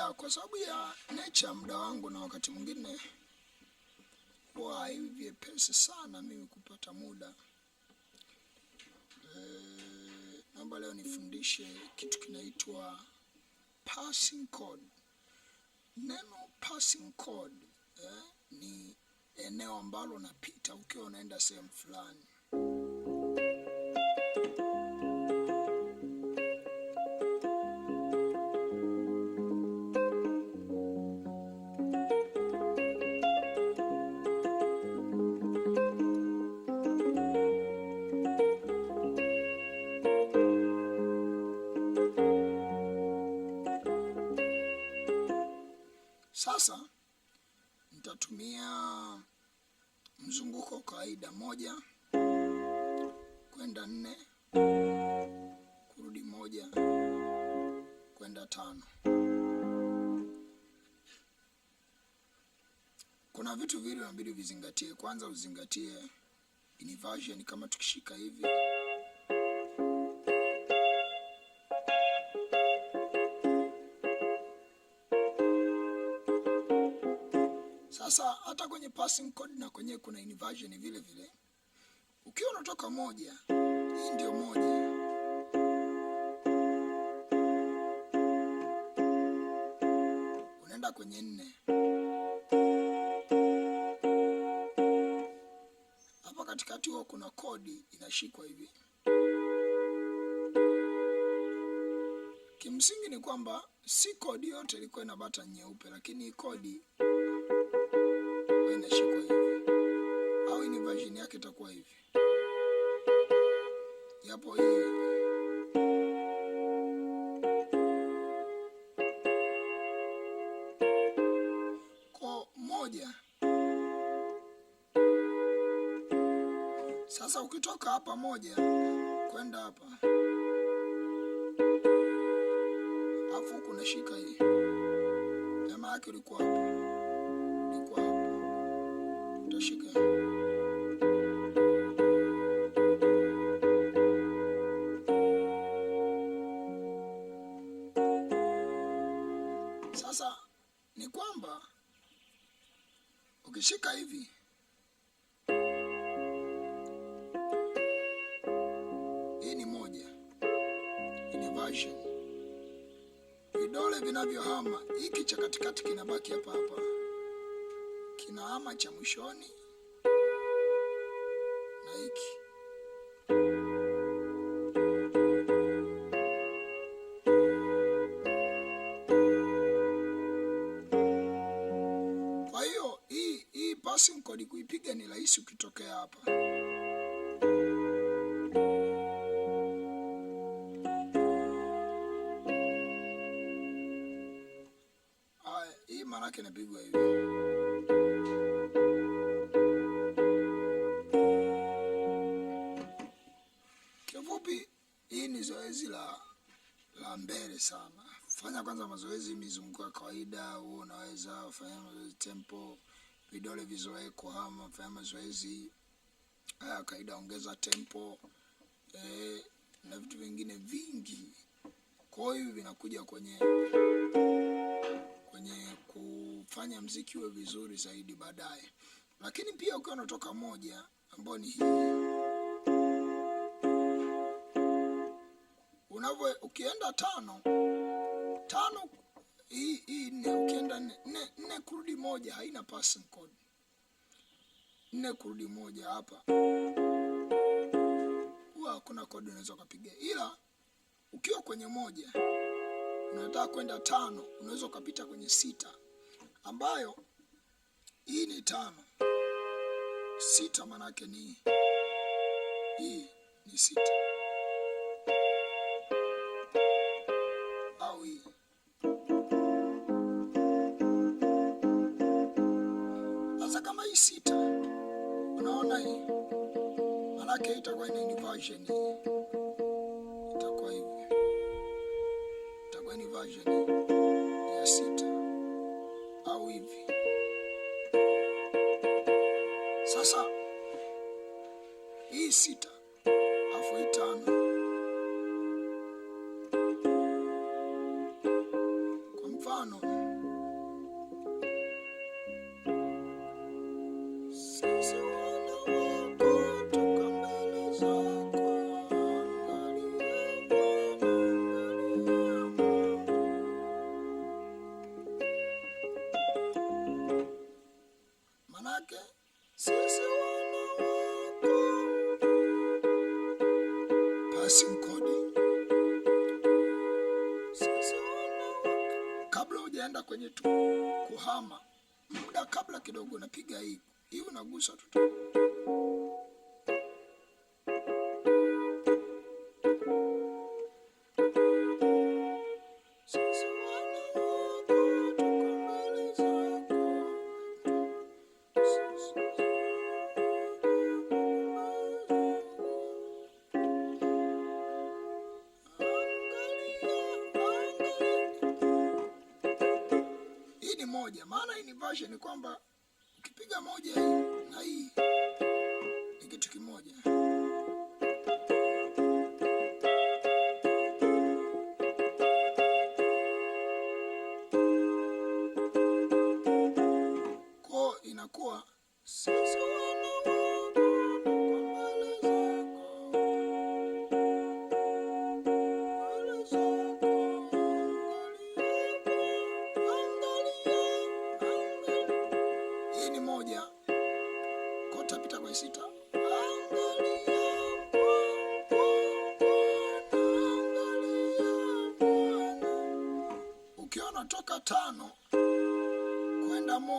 ya kwa sababu ya nature, muda wangu na wakati mwingine huwa hivi vyepesi sana mimi kupata muda e, naomba leo nifundishe kitu kinaitwa passing code. Neno passing code eh, ni eneo ambalo unapita ukiwa unaenda sehemu fulani. Sasa nitatumia mzunguko wa kawaida moja kwenda nne kurudi moja kwenda tano. Kuna vitu vile inabidi vizingatie. Kwanza uzingatie inversion, kama tukishika hivi passing code na kwenyewe kuna inversion vile vile. Ukiwa unatoka moja, hii ndio moja. Unaenda kwenye nne. Hapa katikati huwa kuna kodi inashikwa hivi. Kimsingi ni kwamba si kodi yote ilikuwa ina bata nyeupe, lakini kodi inashikwa hivi au ni version yake itakuwa hivi, hii ko moja. Sasa ukitoka hapa moja kwenda hapa, afu kunashika hii, jamaa yake ulikuwa hapa kushika sasa. Ni kwamba ukishika hivi vidole vinavyohama hiki cha katikati kinabaki hapa hapa kinahama cha mwishoni na hiki kwa hiyo hii hii passing chord kuipiga ni rahisi ukitokea hapa hii maanake inapigwa hivi mbele sana. Fanya kwanza mazoezi mizunguko ya kawaida, huo unaweza fanya mazoezi tempo, vidole vizoe kuhama, fanya mazoezi haya kawaida, ongeza tempo e, na vitu vingine vingi. Kwa hiyo vinakuja kwenye kwenye kufanya mziki uwe vizuri zaidi baadaye, lakini pia ukiwa unatoka moja ambayo ni hii ukienda tano tano hii hii nne, ukienda nne nne kurudi moja haina passing chord. Nne kurudi moja hapa huwa hakuna chord unaweza ukapiga, ila ukiwa kwenye moja unataka kwenda tano, unaweza ukapita kwenye sita, ambayo hii ni tano sita, maanake ni hii ni sita version itakuwa hivi, itakuwa ni version ya sita au hivi. Sasa hii sita afu itano kwenye tu kuhama muda kabla kidogo, napiga hii hii, unagusa tu nikumbushe ni kwamba ukipiga moja hii na hii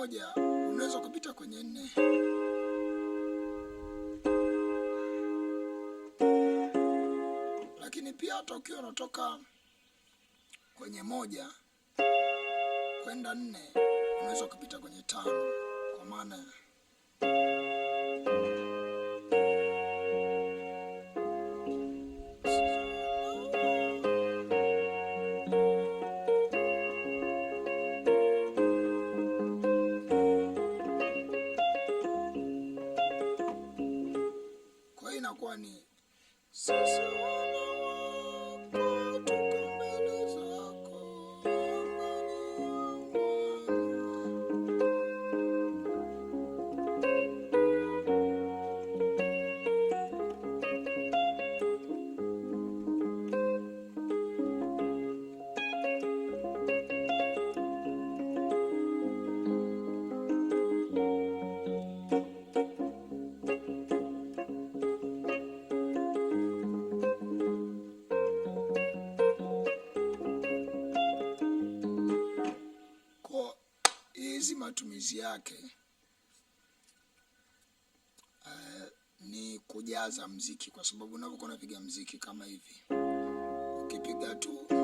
moja unaweza kupita kwenye nne. Lakini pia hata ukiwa unatoka kwenye moja kwenda nne unaweza kupita kwenye tano, kwa maana matumizi yake uh, ni kujaza mziki, kwa sababu unapokuwa unapiga mziki kama hivi ukipiga tu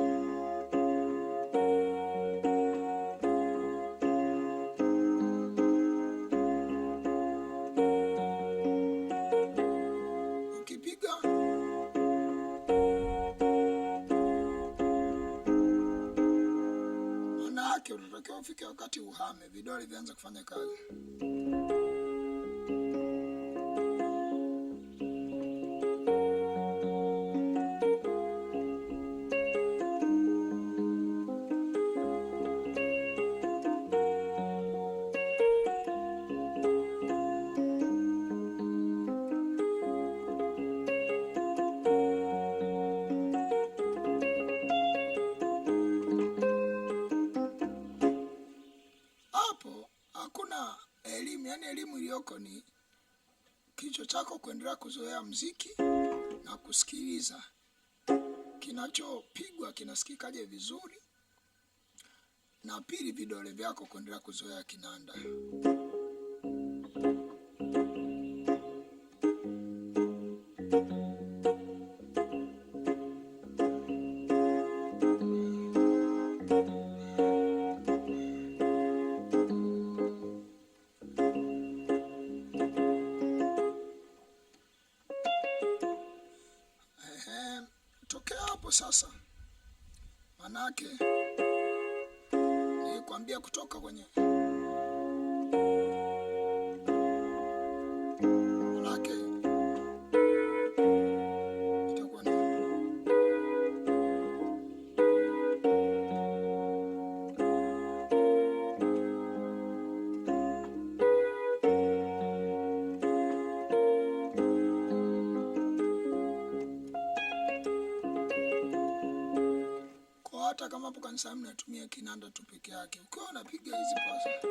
ufike wakati uhame, vidole vianze kufanya kazi. elimu iliyoko ni kichwa chako kuendelea kuzoea mziki na kusikiliza kinachopigwa kinasikikaje vizuri, na pili, vidole vyako kuendelea kuzoea kinanda. Tokea hapo sasa, manake nikwambia kutoka kwenye unatumia kinanda tu peke yake, ukiwa unapiga hizi pasi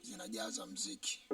zinajaza mziki.